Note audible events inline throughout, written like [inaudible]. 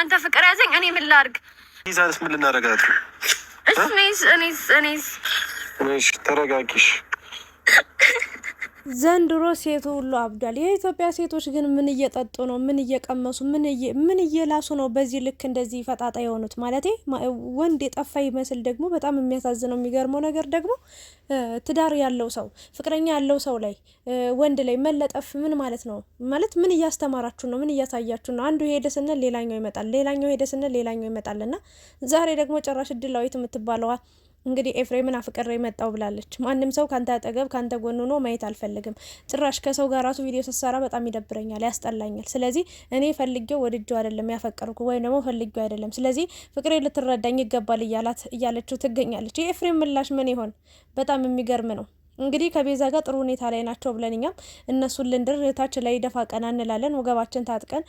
አንተ ፍቅር ያዘኝ። እኔ ምን ላድርግ? ዛስ ምን ልናረጋት? እኔስ እኔስ እኔስ ተረጋጊሽ ዘንድሮ ሴቱ ሁሉ አብዷል። የኢትዮጵያ ሴቶች ግን ምን እየጠጡ ነው? ምን እየቀመሱ ምን እየላሱ ነው? በዚህ ልክ እንደዚህ ፈጣጣ የሆኑት ማለት ወንድ የጠፋ ይመስል ደግሞ በጣም የሚያሳዝነው የሚገርመው ነገር ደግሞ ትዳር ያለው ሰው ፍቅረኛ ያለው ሰው ላይ ወንድ ላይ መለጠፍ ምን ማለት ነው? ማለት ምን እያስተማራችሁ ነው? ምን እያሳያችሁ ነው? አንዱ ሄደ ስንል ሌላኛው ይመጣል፣ ሌላኛው ሄደ ስንል ሌላኛው ይመጣል እና ዛሬ ደግሞ ጭራሽ እድላዊት የምትባለዋል እንግዲህ ኤፍሬምን አፍቅሬ መጣው ብላለች። ማንም ሰው ካንተ አጠገብ ካንተ ጎን ሆኖ ማየት አልፈልግም። ጭራሽ ከሰው ጋር ራሱ ቪዲዮ ስትሰራ በጣም ይደብረኛል፣ ያስጠላኛል። ስለዚህ እኔ ፈልጌው ወድጄው አይደለም ያፈቀርኩ ወይም ደግሞ ፈልጌው አይደለም። ስለዚህ ፍቅሬ ልትረዳኝ ይገባል እያላት እያለችው ትገኛለች። የኤፍሬም ምላሽ ምን ይሆን? በጣም የሚገርም ነው። እንግዲህ ከቤዛ ጋር ጥሩ ሁኔታ ላይ ናቸው ብለን እኛም እነሱን ልንድር ታች ላይ ደፋ ቀና እንላለን። ወገባችን ታጥቀን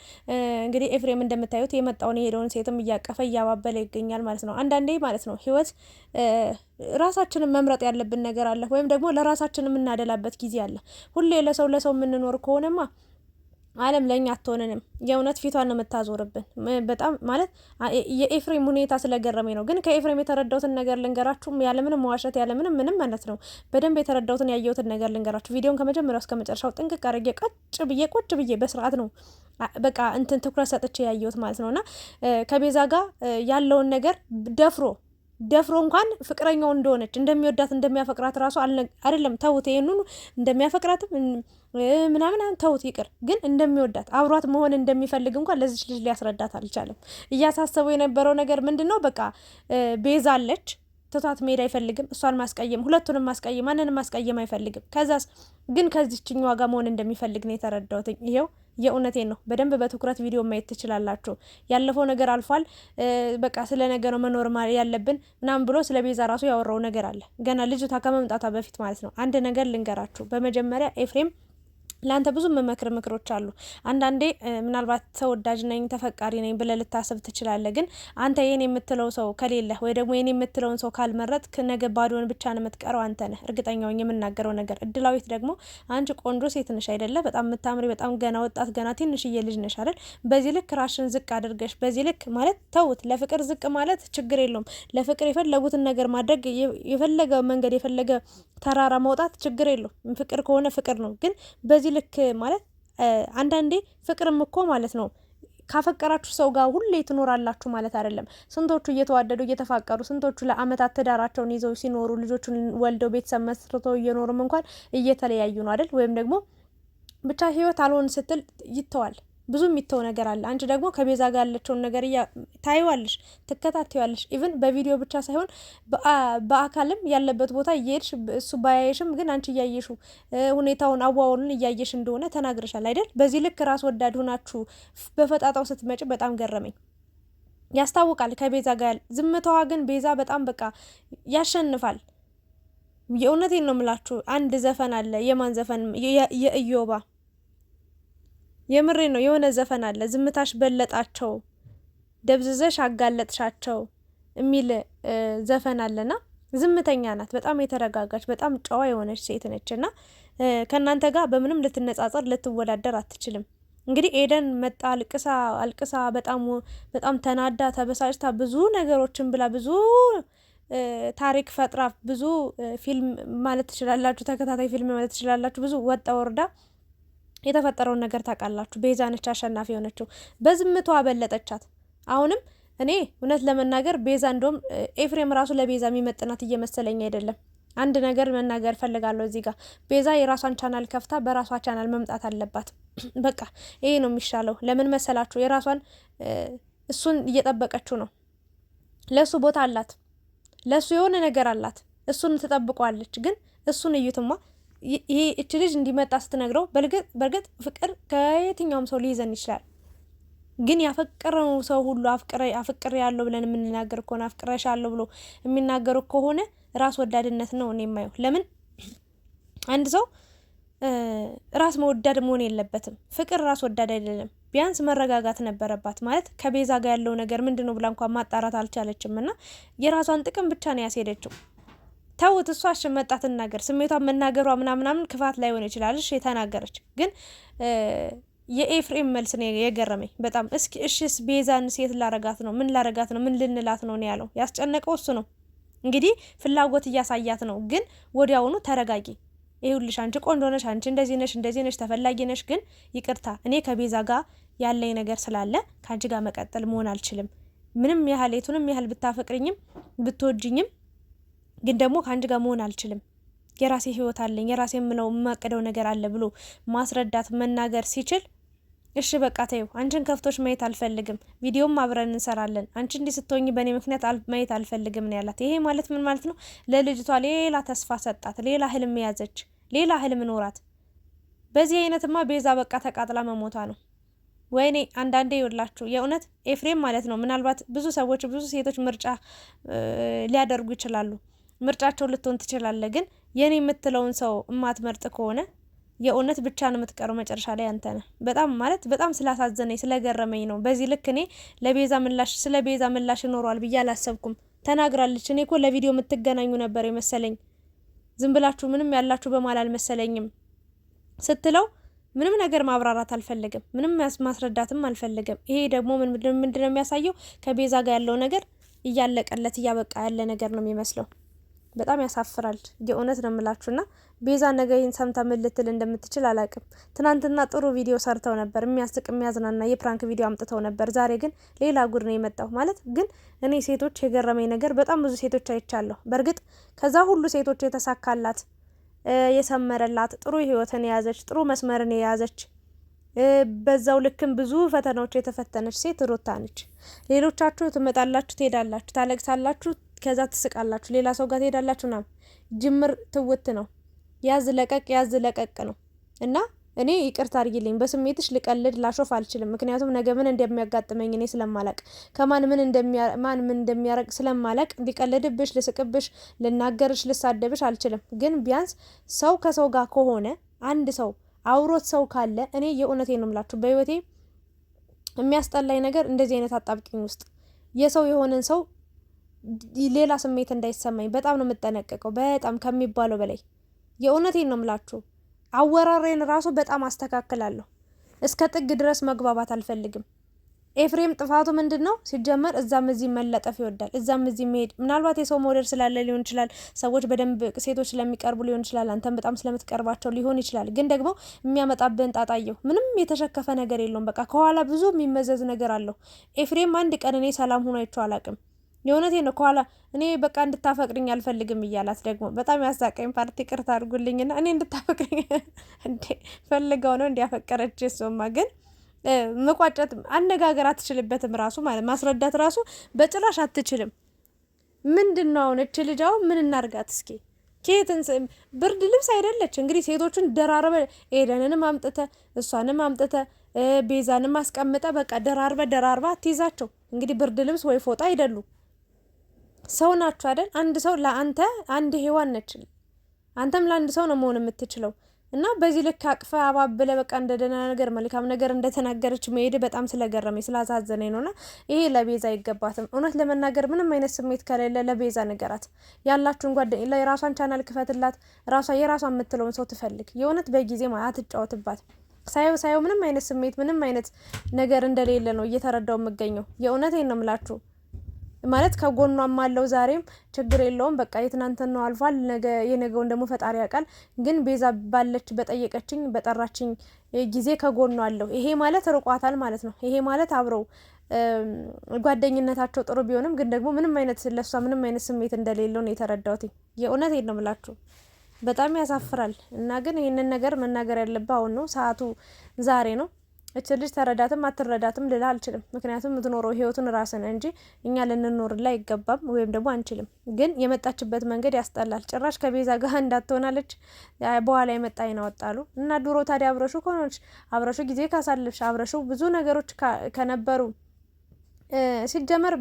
እንግዲህ ኤፍሬም እንደምታዩት የመጣውን የሄደውን ሴትም እያቀፈ እያባበለ ይገኛል ማለት ነው። አንዳንዴ ማለት ነው ህይወት ራሳችንን መምረጥ ያለብን ነገር አለ፣ ወይም ደግሞ ለራሳችን የምናደላበት ጊዜ አለ። ሁሌ ለሰው ለሰው የምንኖር ከሆነማ አለም ለእኛ አትሆንንም። የእውነት ፊቷን ነው የምታዞርብን። በጣም ማለት የኤፍሬም ሁኔታ ስለገረመኝ ነው። ግን ከኤፍሬም የተረዳሁትን ነገር ልንገራችሁ፣ ያለምንም መዋሸት ያለምንም ምንም ማለት ነው። በደንብ የተረዳሁትን ያየሁትን ነገር ልንገራችሁ። ቪዲዮን ከመጀመሪያው እስከ መጨረሻው ጥንቅቅ አድርጌ ቀጭ ብዬ ቁጭ ብዬ በስርዓት ነው በቃ እንትን ትኩረት ሰጥቼ ያየሁት ማለት ነውና ከቤዛ ጋር ያለውን ነገር ደፍሮ ደፍሮ እንኳን ፍቅረኛው እንደሆነች እንደሚወዳት እንደሚያፈቅራት ራሱ አይደለም ተውት። ይህንኑ እንደሚያፈቅራትም ምናምን ተውት ይቅር። ግን እንደሚወዳት አብሯት መሆን እንደሚፈልግ እንኳን ለዚች ልጅ ሊያስረዳት አልቻለም። እያሳሰበው የነበረው ነገር ምንድን ነው? በቃ ቤዛለች ትቷት መሄድ አይፈልግም። እሷን ማስቀየም፣ ሁለቱንም ማስቀየም፣ ማንንም ማስቀየም አይፈልግም። ከዛስ ግን ከዚችኝ ዋጋ መሆን እንደሚፈልግ ነው የተረዳሁትኝ። ይኸው የእውነቴን ነው። በደንብ በትኩረት ቪዲዮ ማየት ትችላላችሁ። ያለፈው ነገር አልፏል። በቃ ስለ ነገሩ መኖር ያለብን ምናምን ብሎ ስለ ቤዛ ራሱ ያወራው ነገር አለ። ገና ልጅቷ ከመምጣቷ በፊት ማለት ነው። አንድ ነገር ልንገራችሁ። በመጀመሪያ ኤፍሬም ለአንተ ብዙ መመክር ምክሮች አሉ። አንዳንዴ ምናልባት ተወዳጅ ነኝ ተፈቃሪ ነኝ ብለህ ልታስብ ትችላለህ። ግን አንተ ይህን የምትለው ሰው ከሌለ ወይ ደግሞ ይህን የምትለውን ሰው ካልመረጥክ ነገ ባዶን ብቻ ነው የምትቀረው። አንተ ነህ እርግጠኛውን የምናገረው ነገር። እድላዊት ደግሞ አንቺ ቆንጆ ሴት ነሽ አይደለ? በጣም የምታምሪ፣ በጣም ገና ወጣት ገና ትንሽዬ ልጅ ነሽ አይደል? በዚህ ልክ ራሽን ዝቅ አድርገሽ በዚህ ልክ ማለት ተውት። ለፍቅር ዝቅ ማለት ችግር የለውም። ለፍቅር የፈለጉትን ነገር ማድረግ የፈለገ መንገድ የፈለገ ተራራ መውጣት ችግር የለውም። ፍቅር ከሆነ ፍቅር ነው። ግን በዚህ በዚህ ልክ ማለት አንዳንዴ ፍቅርም እኮ ማለት ነው ካፈቀራችሁ ሰው ጋር ሁሌ ትኖራላችሁ ማለት አይደለም። ስንቶቹ እየተዋደዱ እየተፋቀሩ፣ ስንቶቹ ለአመታት ትዳራቸውን ይዘው ሲኖሩ ልጆቹን ወልደው ቤተሰብ መስርተው እየኖሩም እንኳን እየተለያዩ ነው አይደል? ወይም ደግሞ ብቻ ህይወት አልሆን ስትል ይተዋል። ብዙ የሚተው ነገር አለ። አንቺ ደግሞ ከቤዛ ጋር ያለችውን ነገር ታይዋለሽ፣ ትከታተዋለሽ። ኢቭን በቪዲዮ ብቻ ሳይሆን በአካልም ያለበት ቦታ እየሄድሽ እሱ ባያየሽም፣ ግን አንቺ እያየሹ ሁኔታውን አዋውሉን እያየሽ እንደሆነ ተናግረሻል አይደል? በዚህ ልክ ራስ ወዳድ ሆናችሁ በፈጣጣው ስትመጭ በጣም ገረመኝ። ያስታውቃል ከቤዛ ጋር ዝምታዋ። ግን ቤዛ በጣም በቃ ያሸንፋል። የእውነቴን ነው የምላችሁ። አንድ ዘፈን አለ። የማን ዘፈን? የእዮባ የምሬ ነው። የሆነ ዘፈን አለ ዝምታሽ በለጣቸው ደብዝዘሽ አጋለጥሻቸው የሚል ዘፈን አለና ዝምተኛ ናት። በጣም የተረጋጋች በጣም ጨዋ የሆነች ሴት ነች እና ከእናንተ ጋር በምንም ልትነጻጸር ልትወዳደር አትችልም። እንግዲህ ኤደን መጣ አልቅሳ አልቅሳ በጣም በጣም ተናዳ ተበሳጭታ ብዙ ነገሮችን ብላ ብዙ ታሪክ ፈጥራ ብዙ ፊልም ማለት ትችላላችሁ፣ ተከታታይ ፊልም ማለት ትችላላችሁ። ብዙ ወጣ ወርዳ የተፈጠረውን ነገር ታውቃላችሁ። ቤዛ ነች አሸናፊ የሆነችው፣ በዝምቷ አበለጠቻት። አሁንም እኔ እውነት ለመናገር ቤዛ እንደውም ኤፍሬም ራሱ ለቤዛ የሚመጥናት እየመሰለኝ አይደለም። አንድ ነገር መናገር ፈልጋለሁ እዚህ ጋር ቤዛ የራሷን ቻናል ከፍታ በራሷ ቻናል መምጣት አለባት። [clears throat] በቃ ይሄ ነው የሚሻለው። ለምን መሰላችሁ? የራሷን እሱን እየጠበቀችው ነው። ለእሱ ቦታ አላት፣ ለእሱ የሆነ ነገር አላት። እሱን ትጠብቋለች። ግን እሱን እዩትማ ይሄ እች ልጅ እንዲመጣ ስትነግረው በእርግጥ ፍቅር ከየትኛውም ሰው ሊይዘን ይችላል። ግን ያፈቀረው ሰው ሁሉ አፍቅር ያለው ብለን የምንናገር ከሆነ አፍቅረሽ አለው ብሎ የሚናገሩ ከሆነ ራስ ወዳድነት ነው እኔ የማየው። ለምን አንድ ሰው ራስ መወዳድ መሆን የለበትም። ፍቅር ራስ ወዳድ አይደለም። ቢያንስ መረጋጋት ነበረባት። ማለት ከቤዛ ጋር ያለው ነገር ምንድን ነው ብላ እንኳን ማጣራት አልቻለችም እና የራሷን ጥቅም ብቻ ነው ያስሄደችው። ተውት፣ እሷ አሸመጣ ትናገር፣ ስሜቷ መናገሯ ምናምናምን ክፋት ላይ ይችላል ይችላልሽ የተናገረች ግን የኤፍሬም መልስ ነው የገረመኝ በጣም እስኪ እሽስ ቤዛን ሴት ላረጋት ነው ምን ላረጋት ነው ምን ልንላት ነው ያለው ያስጨነቀው እሱ ነው እንግዲህ ፍላጎት እያሳያት ነው ግን ወዲያውኑ ተረጋጊ ይኸውልሽ አንቺ ቆንጆ ነሽ አንቺ እንደዚህ ነሽ እንደዚህ ነሽ ተፈላጊ ነሽ ግን ይቅርታ እኔ ከቤዛ ጋር ያለኝ ነገር ስላለ ከአንቺ ጋር መቀጠል መሆን አልችልም ምንም ያህል የቱንም ያህል ብታፈቅርኝም ብትወጅኝም ግን ደግሞ ከአንድ ጋር መሆን አልችልም፣ የራሴ ህይወት አለኝ፣ የራሴ የምለው የማቅደው ነገር አለ ብሎ ማስረዳት መናገር ሲችል እሺ በቃ ተይው፣ አንቺን ከፍቶች ማየት አልፈልግም፣ ቪዲዮም አብረን እንሰራለን፣ አንቺ እንዲህ ስትሆኝ በእኔ ምክንያት ማየት አልፈልግም ነው ያላት። ይሄ ማለት ምን ማለት ነው? ለልጅቷ ሌላ ተስፋ ሰጣት፣ ሌላ ህልም ያዘች፣ ሌላ ህልም ኖራት። በዚህ አይነትማ ቤዛ በቃ ተቃጥላ መሞቷ ነው። ወይኔ አንዳንዴ ይውላችሁ የእውነት ኤፍሬም ማለት ነው። ምናልባት ብዙ ሰዎች ብዙ ሴቶች ምርጫ ሊያደርጉ ይችላሉ። ምርጫቸው ልትሆን ትችላለ ግን የኔ የምትለውን ሰው እማትመርጥ ከሆነ የእውነት ብቻ ነው የምትቀረው። መጨረሻ ላይ አንተ ነህ። በጣም ማለት በጣም ስላሳዘነኝ ስለገረመኝ ነው። በዚህ ልክ እኔ ለቤዛ ምላሽ ስለ ቤዛ ምላሽ ይኖረዋል ብዬ አላሰብኩም። ተናግራለች። እኔ እኮ ለቪዲዮ የምትገናኙ ነበር የመሰለኝ፣ ዝም ብላችሁ ምንም ያላችሁ በማል አልመሰለኝም ስትለው ምንም ነገር ማብራራት አልፈለግም፣ ምንም ማስረዳትም አልፈለግም። ይሄ ደግሞ ምንድነው የሚያሳየው ከቤዛ ጋር ያለው ነገር እያለቀለት እያበቃ ያለ ነገር ነው የሚመስለው። በጣም ያሳፍራል። የእውነት ነው የምላችሁና ቤዛ ነገ ይህን ሰምታ ምን ልትል እንደምትችል አላቅም። ትናንትና ጥሩ ቪዲዮ ሰርተው ነበር፣ የሚያስቅ የሚያዝናና የፕራንክ ቪዲዮ አምጥተው ነበር። ዛሬ ግን ሌላ ጉድ ነው የመጣው። ማለት ግን እኔ ሴቶች የገረመኝ ነገር በጣም ብዙ ሴቶች አይቻለሁ። በእርግጥ ከዛ ሁሉ ሴቶች የተሳካላት የሰመረላት ጥሩ ህይወትን የያዘች ጥሩ መስመርን የያዘች በዛው ልክም ብዙ ፈተናዎች የተፈተነች ሴት ሩታ ነች። ሌሎቻችሁ ትመጣላችሁ፣ ትሄዳላችሁ፣ ታለቅሳላችሁ ከዛ ትስቃላችሁ፣ ሌላ ሰው ጋር ትሄዳላችሁ ምናምን። ጅምር ትውት ነው፣ ያዝ ለቀቅ፣ ያዝ ለቀቅ ነው እና እኔ ይቅርታ አድርጊልኝ፣ በስሜትሽ ልቀልድ ላሾፍ አልችልም። ምክንያቱም ነገ ምን እንደሚያጋጥመኝ እኔ ስለማላቅ ከማን ምን ማን ምን እንደሚያረቅ ስለማላቅ ሊቀልድብሽ፣ ልስቅብሽ፣ ልናገርሽ፣ ልሳደብሽ አልችልም። ግን ቢያንስ ሰው ከሰው ጋር ከሆነ አንድ ሰው አውሮት ሰው ካለ እኔ የእውነቴ ነው ምላችሁ በህይወቴ የሚያስጠላኝ ነገር እንደዚህ አይነት አጣብቂኝ ውስጥ የሰው የሆነን ሰው ሌላ ስሜት እንዳይሰማኝ በጣም ነው የምጠነቀቀው፣ በጣም ከሚባለው በላይ የእውነቴን ነው የምላችሁ። አወራሬን ራሱ በጣም አስተካክላለሁ። እስከ ጥግ ድረስ መግባባት አልፈልግም። ኤፍሬም ጥፋቱ ምንድን ነው ሲጀመር? እዛም እዚህ መለጠፍ ይወዳል፣ እዛም እዚህ መሄድ። ምናልባት የሰው መውደድ ስላለ ሊሆን ይችላል፣ ሰዎች በደንብ ሴቶች ስለሚቀርቡ ሊሆን ይችላል፣ አንተም በጣም ስለምትቀርባቸው ሊሆን ይችላል። ግን ደግሞ የሚያመጣብህን ጣጣየው ምንም የተሸከፈ ነገር የለውም። በቃ ከኋላ ብዙ የሚመዘዝ ነገር አለው። ኤፍሬም አንድ ቀን እኔ ሰላም ሆኖ አይቼው አላቅም። የእውነቴ ነው። ከኋላ እኔ በቃ እንድታፈቅርኝ አልፈልግም እያላት ደግሞ በጣም ያሳቀኝ ፓርቲ ቅርታ አድርጉልኝና እኔ እንድታፈቅርኝ [laughs] እንዴ ፈልገው ነው እንዲያፈቀረች እሱማ ግን መቋጨት አነጋገር አትችልበትም ራሱ ማለት ማስረዳት ራሱ በጭራሽ አትችልም። ምንድን ነው አሁን እች ልጃው ምን እናርጋት እስኪ? ኬትን ብርድ ልብስ አይደለች እንግዲህ ሴቶቹን ደራርበ ኤደንንም አምጥተ እሷንም አምጥተ ቤዛንም አስቀምጠ በቃ ደራርበ ደራርባ አትይዛቸው እንግዲህ ብርድ ልብስ ወይ ፎጣ አይደሉ ሰው ናችሁ አይደል? አንድ ሰው ለአንተ አንድ ሔዋን ነች። አንተም ለአንድ ሰው ነው መሆን የምትችለው። እና በዚህ ልክ አቅፈ አባብለ በቃ እንደ ደህና ነገር መልካም ነገር እንደተናገረች መሄድ በጣም ስለገረመኝ ስላሳዘነኝ ነውና ይሄ ለቤዛ አይገባትም። እውነት ለመናገር ምንም አይነት ስሜት ከሌለ ለቤዛ ነገራት ያላችሁን ጓደኛ የራሷን ቻናል ክፈትላት። ራሷ የራሷ የምትለውን ሰው ትፈልግ። የእውነት በጊዜ አትጫወትባት። ሳየው ሳየው ምንም አይነት ስሜት ምንም አይነት ነገር እንደሌለ ነው እየተረዳው የምገኘው። የእውነቴን ነው የምላችሁ። ማለት ከጎኗም አለው ዛሬም ችግር የለውም በቃ የትናንትን ነው አልፏል። ነገ የነገውን ደግሞ ፈጣሪ ያውቃል። ግን ቤዛ ባለች በጠየቀችኝ በጠራችኝ ጊዜ ከጎኗ አለው። ይሄ ማለት ርቋታል ማለት ነው። ይሄ ማለት አብረው ጓደኝነታቸው ጥሩ ቢሆንም ግን ደግሞ ምንም አይነት ለሷ ምንም አይነት ስሜት እንደሌለው ነው የተረዳሁት። የእውነት ነው የምላችሁ በጣም ያሳፍራል። እና ግን ይህንን ነገር መናገር ያለብህ አሁን ነው፣ ሰዓቱ ዛሬ ነው። እች ልጅ ተረዳትም አትረዳትም ልል አልችልም። ምክንያቱም የምትኖረው ህይወቱን ራስን እንጂ እኛ ልንኖርላ አይገባም፣ ወይም ደግሞ አንችልም። ግን የመጣችበት መንገድ ያስጠላል። ጭራሽ ከቤዛ ጋር [laughs] እንዳትሆናለች በኋላ የመጣ ይናወጣሉ እና ድሮ ታዲያ አብረሹ ከሆኖች አብረሹ ጊዜ ካሳልፍሽ አብረሹ ብዙ ነገሮች ከነበሩ ሲጀመር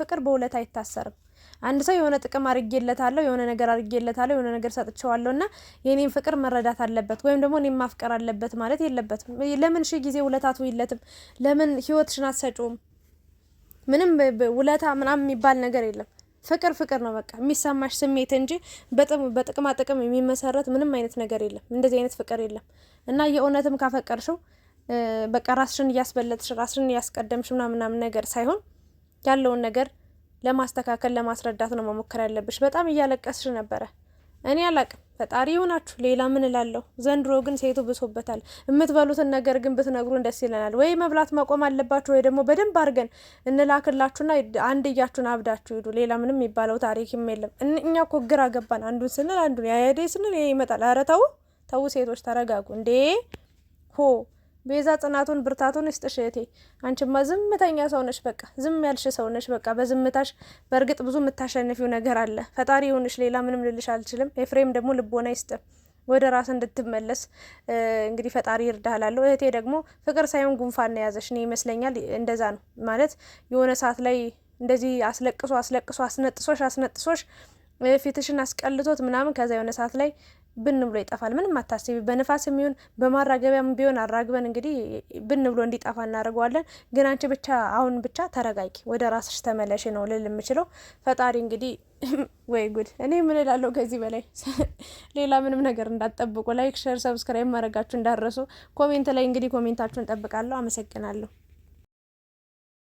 ፍቅር በሁለት አይታሰርም። አንድ ሰው የሆነ ጥቅም አድርጌለታለሁ፣ የሆነ ነገር አድርጌለታለሁ፣ የሆነ ነገር ሰጥቼዋለሁ እና የኔን ፍቅር መረዳት አለበት ወይም ደግሞ እኔን ማፍቀር አለበት ማለት የለበትም። ለምን ሺ ጊዜ ውለታት ውይለትም ለምን ህይወትሽን አትሰጪውም? ምንም ውለታ ምናምን የሚባል ነገር የለም። ፍቅር ፍቅር ነው በቃ የሚሰማሽ ስሜት እንጂ በጥቅማ ጥቅም የሚመሰረት ምንም አይነት ነገር የለም። እንደዚህ አይነት ፍቅር የለም እና የእውነትም ካፈቀርሽው በቃ ራስሽን እያስበለጥሽ ራስሽን እያስቀደምሽ ምናምን ነገር ሳይሆን ያለውን ነገር ለማስተካከል ለማስረዳት ነው መሞከር ያለብሽ። በጣም እያለቀስሽ ነበረ። እኔ አላቅም፣ ፈጣሪ ይሁናችሁ። ሌላ ምን እላለሁ? ዘንድሮ ግን ሴቱ ብሶበታል። የምትበሉትን ነገር ግን ብትነግሩን ደስ ይለናል። ወይ መብላት ማቆም አለባችሁ፣ ወይ ደግሞ በደንብ አድርገን እንላክላችሁና አንድያችሁን አብዳችሁ ሂዱ። ሌላ ምንም የሚባለው ታሪክም የለም። እኛ እኮ ግራ ገባን። አንዱን ስንል አንዱን ያያዴ ስንል ይመጣል። ኧረ ተው ተው፣ ሴቶች ተረጋጉ እንዴ ሆ ቤዛ ጽናቱን ብርታቱን ይስጥሽ እህቴ። አንቺማ ዝምተኛ ነሽ፣ በቃ ዝም ያልሽ ነሽ። በቃ በዝምታሽ በእርግጥ ብዙ የምታሸንፊው ነገር አለ። ፈጣሪ ይሁንሽ፣ ሌላ ምንም ልልሽ አልችልም። ኤፍሬም ደግሞ ልቦና ይስጥ፣ ወደ ራስ እንድትመለስ እንግዲህ ፈጣሪ ይርዳሃላለሁ። እህቴ ደግሞ ፍቅር ሳይሆን ጉንፋን ነው የያዘሽ። እኔ ይመስለኛል እንደዛ ነው ማለት የሆነ ሰዓት ላይ እንደዚህ አስለቅሶ አስለቅሶ አስነጥሶሽ አስነጥሶሽ ፊትሽን አስቀልቶት ምናምን ከዛ የሆነ ሰዓት ላይ ብን ብሎ ይጠፋል። ምንም አታስቢ። በንፋስ የሚሆን በማራገቢያም ቢሆን አራግበን እንግዲህ ብን ብሎ እንዲጠፋ እናደርገዋለን። ግን አንቺ ብቻ አሁን ብቻ ተረጋጊ፣ ወደ ራስሽ ተመለሽ ነው ልል የምችለው። ፈጣሪ እንግዲህ [laughs] ወይ ጉድ! እኔ ምን እላለሁ ከዚህ በላይ [laughs] ሌላ ምንም ነገር እንዳትጠብቁ። ላይክ፣ ሸር፣ ሰብስክራይብ ማድረጋችሁ እንዳረሱ። ኮሜንት ላይ እንግዲህ ኮሜንታችሁን እጠብቃለሁ። አመሰግናለሁ።